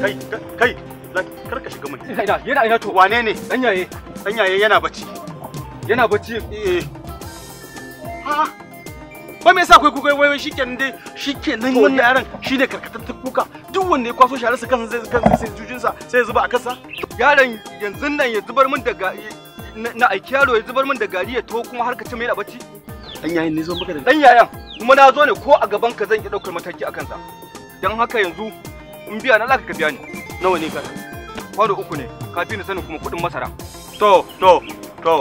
kai kai kar ka shiga mun kai yana ina to wane ne dan yaye dan yaye yana bacci yana bacci eh ha ba me yasa kai kuka wai shikenan dai shikenan yaran shine karkatattar kuka duk wanda ya kwaso shi harsa kansa zai kansa sai sai ya zuba a kansa yaron yanzu nan ya zubar min daga na aiki yaro ya zubar da gari ya to kuma har ka ci mai bacci dan zo yayan kuma na zo ne ko a gaban ka zan iya daukar mataki akan sa dan haka yanzu in biya na zaka ka biya ni nawa ne ka kwado uku ne ka fi ni sanin kuma kuɗin masara to to to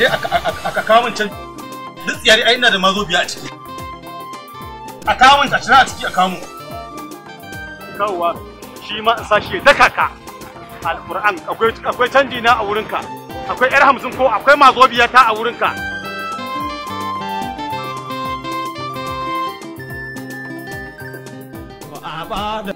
je aka kamun can duk tsiyari ai ina da mazo biya a ciki a kamun ka a ciki a kawo kawowa shi ma in sashi da daka ka alƙur'an akwai canji na a wurinka akwai yar hamsin ko akwai mazobiya ta a wurinka ba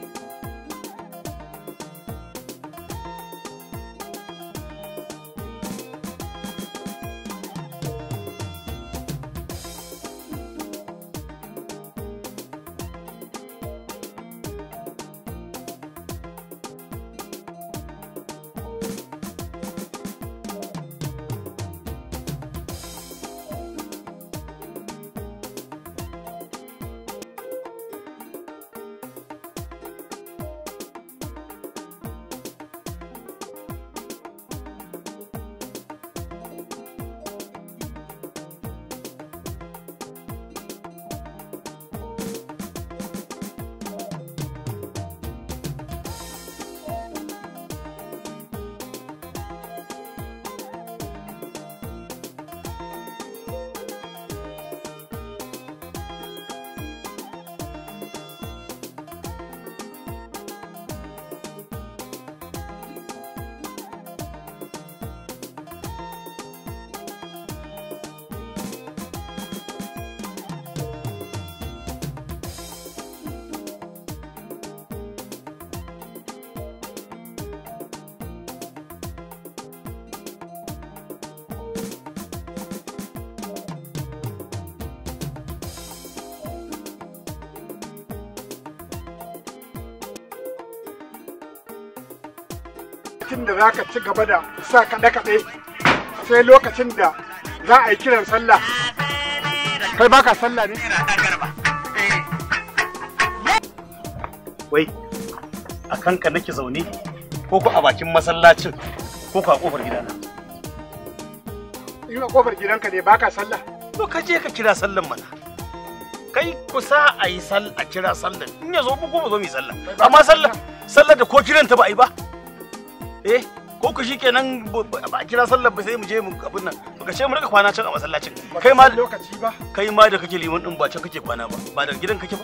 lokacin da za ka ci gaba da sa kaɗe-kaɗe sai lokacin da za a yi kiran sallah kai baka sallah ne wai a kanka nake zaune ko ku a bakin masallacin ko ku a kofar gidana ina kofar gidanka ne baka sallah to ka je ka kira sallan mana kai kusa a yi a kira sallan in ya zo mu ko mu zo mu yi sallah amma sallah sallah da ko kiranta ba a yi ba eh ko ku shi kenan ba kira sallar ba sai mu je mu abin nan baka ce mu rika kwana can a masallacin kai ma lokaci ba kai ma da kake liman din ba can kake kwana ba ba daga gidan kake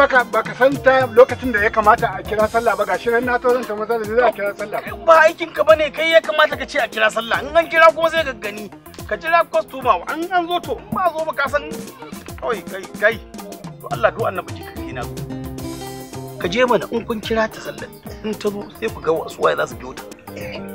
ba kai baka ka san ta lokacin da ya kamata a kira sallah ba gashi nan na taurin ta maza da za a kira sallah ba aikin ka bane kai ya kamata ka ce a kira sallah in an kira kuma sai ka gani ka jira ba an an zo to ba zo ba ka san kawai kai kai to Allah duk annabi ji kai na ka je mana in kun kira ta sallah in ta zo sai ku ga wasu waye za su biyo ta Okay.